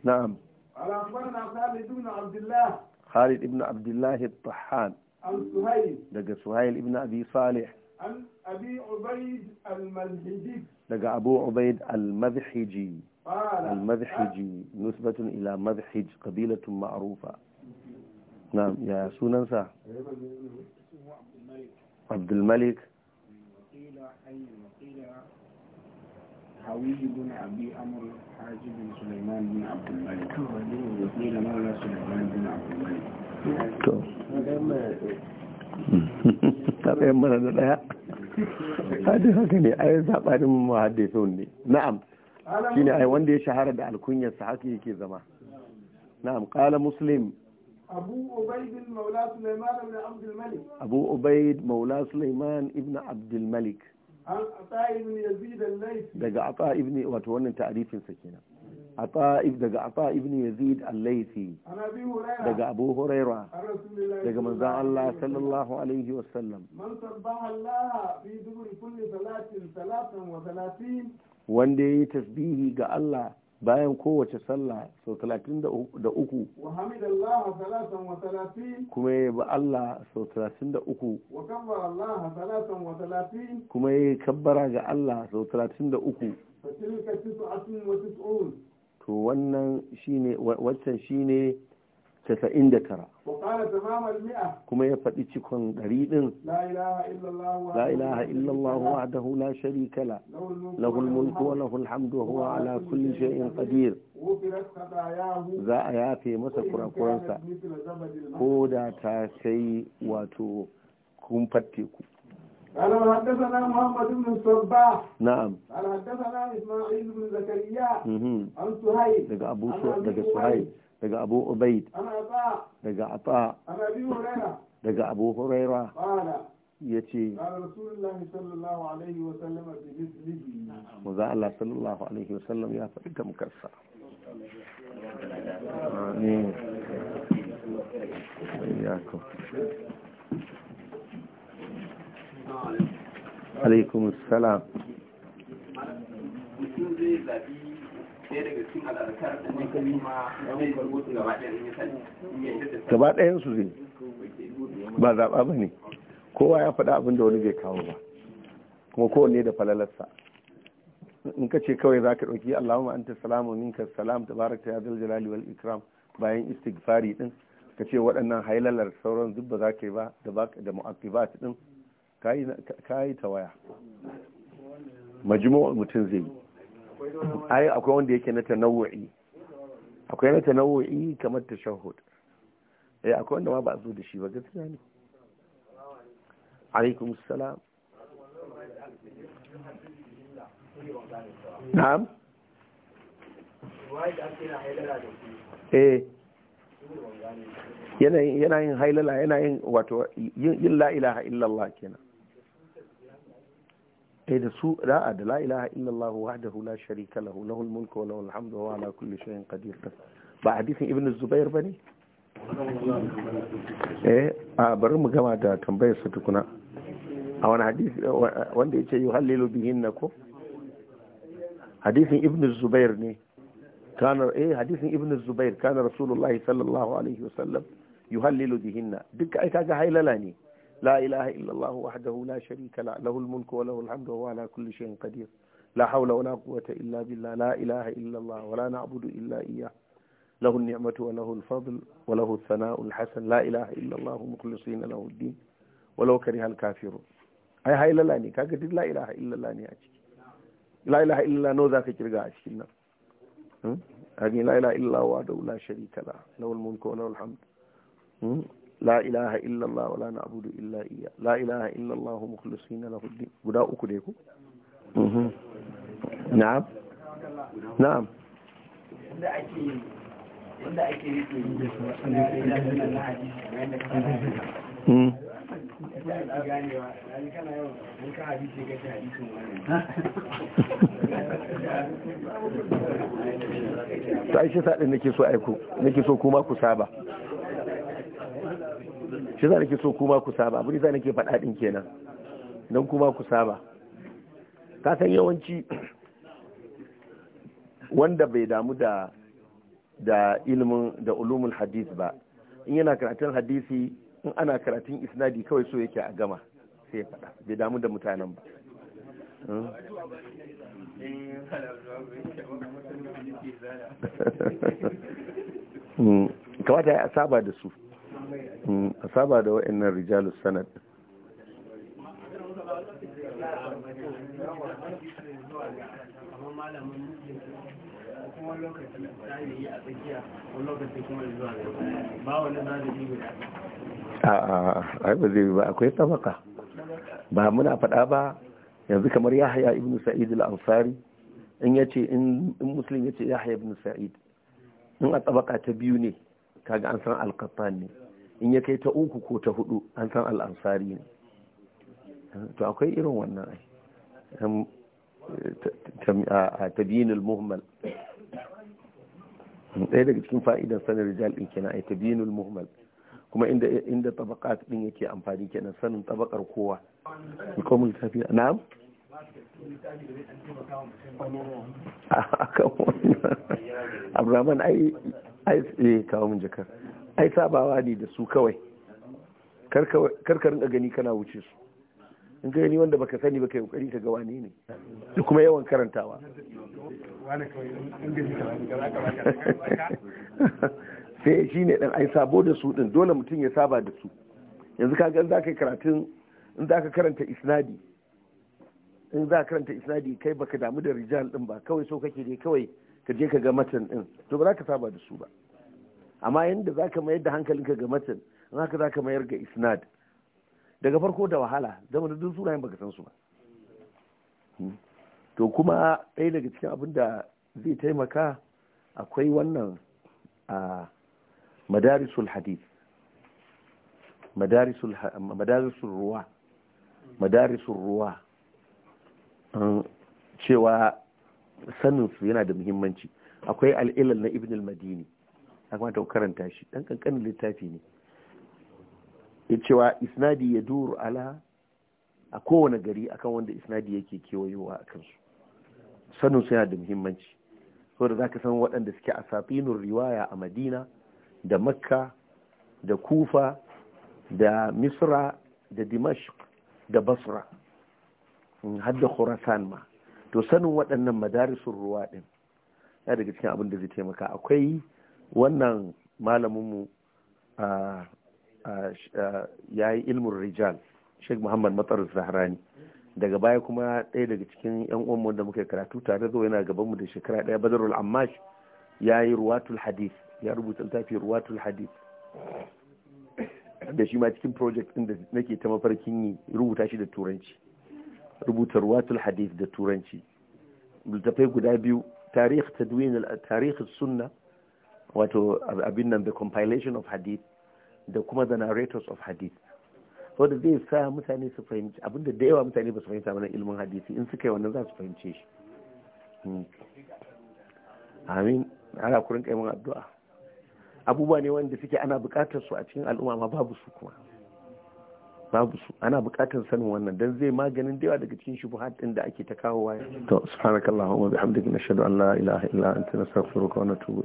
na'am alakhbarna khalid ibn abdullah khalid ibn abdullah at-tahan daga suhail ibn abi salih al-malhiji daga abu ubayd al-madhhiji المذحجي نسبة إلى مذحج قبيلة معروفة نعم يا سننسى عبد الملك وقيل حي وقيل حوي بن أبي أمر حاج بن سليمان بن عبد الملك وقيل مولى سليمان بن عبد الملك طب يا مرة هذا هكذا أي زعبان محدثون نعم shine ai wanda ya shahara da alkunyar sa haka yake zama na'am qala muslim abu ubayd maula sulaiman ibn abd al-malik abu ubayd maula sulaiman ibn abd al-malik daga ata ibn wato wannan ta'rifin sa kenan daga ata ibn yazid al-laythi daga abu huraira daga manzon Allah sallallahu alaihi wasallam man sabbaha Allah fi dubur kulli salatin salatan wa salatin wanda ya yi tasbihi ga Allah bayan kowace sallah sau talatin da uku kuma ya yabi Allah sau talatin da uku kuma ya yi kabbara ga Allah sau talatin da uku to wannan shine waccan shine tasa'in da tara kuma ya faɗi cikon ɗari ɗin la ilaha illallah wahdahu la sharika la lahul mulku wa lahul hamdu wa huwa ala kulli shay'in qadir za a yafe masa kurakuransa ko da ta kai wato kun fatte ku قال حدثنا محمد بن الصباح نعم قال حدثنا اسماعيل بن زكريا عن سهيل دقى ابو سهيل daga abu ubaid daga ata daga abu huraira ya ce maza Allah sallallahu alaihi wasallam ya faɗi tamkarsa amin alaikum salam gaba ɗayan su zai ba zaɓa ba ne kowa ya faɗa abin da wani zai kawo ba kuma kowanne da falalarsa in ka ce kawai za ka ɗauki allahumma ta salamu minka salam tabaraka ta yadda jalali wal ikram bayan istighfari ɗin. ka ce waɗannan hailalar sauran duk ba za ka yi ba da mu'aqibat din ka yi ta waya majmu'ul mutum zai yi ai akwai wanda yake na tanawu'i akwai na tanawu'i kamar tashahhud eh akwai wanda ma ba zo da shi ba gaskiya ne alaikum salam na'am eh yanayin hailala yanayin wato yin la ilaha illallah kenan eh da su ra'a da la ilaha illallah wahdahu la sharika lahu lahul mulku wa lahul hamdu wa ala kulli shay'in qadir ba hadisin ibnu zubair bane eh a bari mu gama da tambayar sa tukuna a wani hadisi wanda yace yuhallilu bihinna ko hadisin ibnu zubair ne kana eh hadisin ibnu zubair kana rasulullahi sallallahu alaihi wasallam yuhallilu bihinna duk ai kaga hailala ne لا إله إلا الله وحده لا شريك له له الملك وله الحمد وهو على كل شيء قدير لا حول ولا قوة إلا بالله لا إله إلا الله ولا نعبد إلا إياه له النعمة وله الفضل وله الثناء الحسن لا إله إلا الله مخلصين له الدين ولو كره الكافرون أي هاي illallah ne kaga duk la ilaha illallah ne a ciki la ilaha illallah no zaka kirga a لا إله إلا la لا illallah wa له la sharika la la ilaha illallah ولا نعبد illa iya la ilaha illallah الله مخلصين له guda uku dai ku mhm. na'am na'am wanda ake da ake yi ta hmm. aishe saɗin nake so aiko so kuma ku saba shi za nake so kuma ku saba ne za nake faɗa ɗin kenan don kuma ku saba ka san yawanci wanda bai damu da da ilimin da ulumul hadis ba in yana karatun hadisi in ana karatun isnadi kawai so yake a gama sai ya faɗa bai damu da mutanen ba hmm. Hmm. kamata ya saba da su a saba da wa'annan rijalus sanad a'a ba zai ba akwai tabaka ba muna faɗa ba yanzu kamar yahya ibn sa'id al-ansari in yace in muslim yace yahya ibn sa'id in a tabaka ta biyu ne kaga an san al-qattan ne in ya kai ta uku ko ta hudu an san al'ansari ne to akwai irin wannan a tabinul muhimmal ɗaya daga cikin fa'idan sanin rijal ɗin kenan a tabinul muhimmal kuma inda inda tabaka ɗin yake amfani kenan sanin tabakar kowa ikomul tafiya na'am akan abraman ai ai eh, kawo min jakar ai sabawa ne da su kawai karkarin a gani kana wuce su in ka gani wanda baka sani baka yi kokari ka ga wani ne da kuma yawan karantawa sai shi ne dan ai sabo da su din dole mutum ya saba da su yanzu ka gan zaka karatun in zaka karanta isnadi in za ka karanta isnadi kai baka damu da rijal din ba kawai so kake dai kawai ka je ka ga matan din to ba za ka saba da su ba amma yadda za ka mayar da hankalinka ga matan in ka za ka mayar ga isnad daga farko da wahala zama da duk sunayen baka san su ba hmm. to kuma ɗaya daga cikin abin da zai taimaka akwai wannan a madarisul hadith madarisul ruwa madarisul ruwa cewa saninsu yana da muhimmanci akwai al'ilal na ibn al-madini ya kamata ku karanta shi dan kankanin littafi ne ya cewa isnadi ya duru ala a kowane gari akan wanda isnadi yake kewayowa a kansu sanin suna da muhimmanci so da ka san waɗanda suke a safinun riwaya a madina da makka da kufa da misra da Dimash da basra har da khurasan ma to sanin waɗannan madarisun ruwa ɗin ya daga cikin abin da zai taimaka akwai wannan malaminmu ya yi ilmin rijal sheikh muhammad matsar zahrani daga baya kuma ɗaya daga cikin yan uwanmu da muka karatu tare zuwa yana gabanmu da shekara ɗaya badarul ammash ya yi ruwatul hadith ya rubuta littafi ruwatul hadith da shi ma cikin project ɗin da nake ta mafarkin yi rubuta shi da turanci rubuta ruwatul hadith da turanci littafai guda biyu tarikh tadwin tarikh sunna wato abin nan the compilation of hadith da kuma the narrators of hadith da zai sa mutane su fahimci abinda da yawa mutane ba su fahimta mana ilimin hadisi in suka yi wannan za su fahimce shi hmm. amin ana kurin kaimun addu'a abubuwa ne wanda suke ana bukatar su a cikin al'umma ma babu su kuma babu su ana bukatar sanin wannan dan zai maganin da yawa daga cikin shi buhat din da ake ta kawo waya to subhanakallahumma bihamdika nashhadu an la ilaha illa anta nastaghfiruka wa natubu